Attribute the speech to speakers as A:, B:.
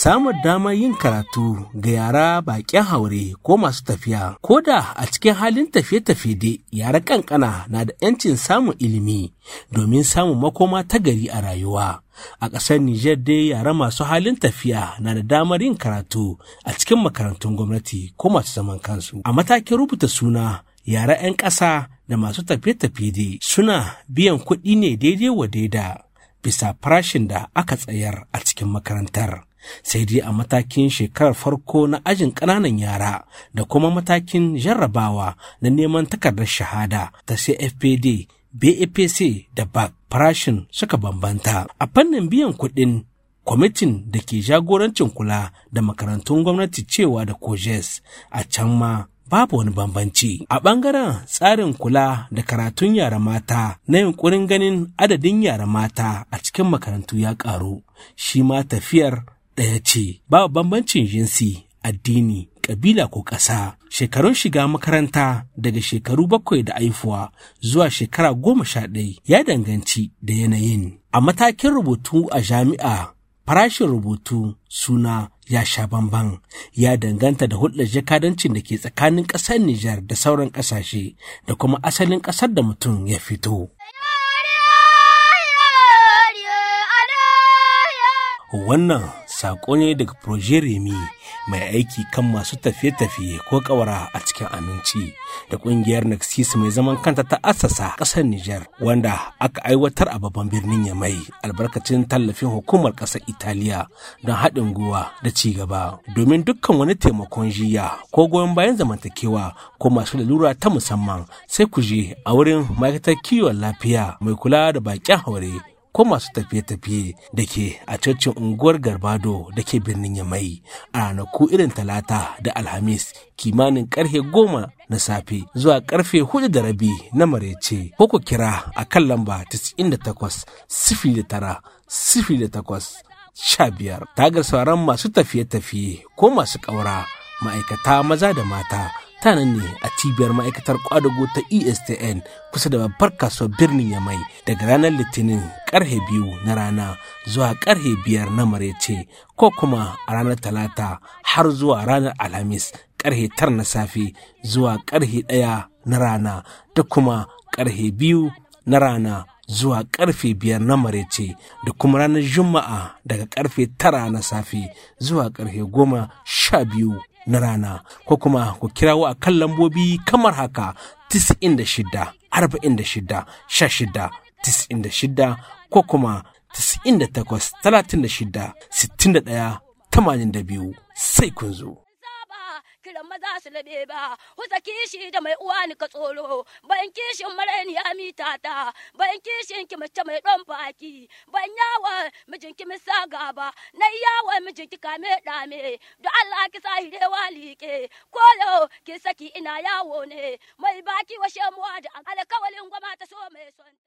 A: Samun damar yin karatu ga yara baƙin haure ko masu tafiya, ko da a cikin halin tafiye-tafiye dai yara kankana na da 'yancin samun ilimi domin samun makoma ta gari a rayuwa. A ƙasar Nijar dai yara masu halin tafiya na da damar yin karatu a cikin makarantun gwamnati ko masu zaman kansu. A matakin rubuta suna, yara 'yan ƙasa da masu tafiye-tafiye suna biyan kuɗi ne daidai wa daida bisa farashin da aka tsayar a cikin makarantar. sai dai a matakin shekarar farko na ajin ƙananan yara da kuma matakin jarrabawa na neman takardar shahada ta cfpd bapc da bac farashin suka bambanta a fannin biyan kuɗin kwamitin da ke jagorancin kula da makarantun gwamnati cewa da kojes a can ma babu wani bambanci. A ɓangaren tsarin kula da karatun yara mata na yunkurin ganin adadin yara mata a cikin makarantu ya ƙaru, shi ma tafiyar ɗaya ce ba bambancin jinsi addini ƙabila ko ƙasa shekarun shiga makaranta daga shekaru bakwai da aifuwa zuwa shekara goma sha ɗaya ya danganci da yanayin a matakin rubutu a jami'a farashin rubutu suna ya sha bamban ya danganta da hulɗar jakadancin da ke tsakanin ƙasar Nijar da sauran ƙasashe da kuma asalin ƙasar da mutum ya fito. Wannan Saƙo ne daga Proje Remi mai aiki kan masu tafiye-tafiye ko ƙawara a cikin aminci da ƙungiyar Naxis mai zaman kanta ta asasa ƙasar Nijar wanda aka aiwatar a babban birnin Yamai albarkacin tallafin hukumar ƙasar Italiya don haɗin gwiwa da ci gaba domin dukkan wani taimakon jiya ko goyon bayan zamantakewa ko masu lalura ta musamman sai ku je a wurin ma'aikatar kiwon lafiya mai kula da baƙin haure ko masu tafiye-tafiye da ke a cocin unguwar garbado da ke birnin yamai a ranaku irin talata da alhamis kimanin karfe goma na safe zuwa karfe hudu da rabi na marece ko ku kira a kan lamba 98 sifili tara sifili takwas sha biyar tagar sauran masu tafiye-tafiye ko masu ƙaura ma'aikata maza da mata ta nan ne a cibiyar ma'aikatar kwadago ta estn kusa da babbar kasuwar birnin yamai daga ranar litinin karhe biyu na rana zuwa karhe biyar na marece ko kuma a ranar talata har zuwa ranar alhamis karhe tar na safe zuwa karhe ɗaya na rana da kuma karhe biyu na rana zuwa karfe biyar na marece da kuma ranar juma'a daga karfe tara na safe zuwa karfe goma sha biyu na rana ko kuma ku kirawo a kan lambobi kamar haka shida, arba'in da shida, sha shida, shida ko kuma talatin da shida, sittin da ɗaya, tamanin da biyu sai kun zo.
B: kiran maza su labe ba huta kishi da mai uwa ni ka tsoro ban kishin maraini ya mita ta ban kishin ki mace mai don baki ban yawa mijin ki misa gaba na yawa mijin ki kame dame da Allah ki sa hire walike ko yo ki saki ina yawo ne mai baki washe muwa da alkawalin gwamnati so mai son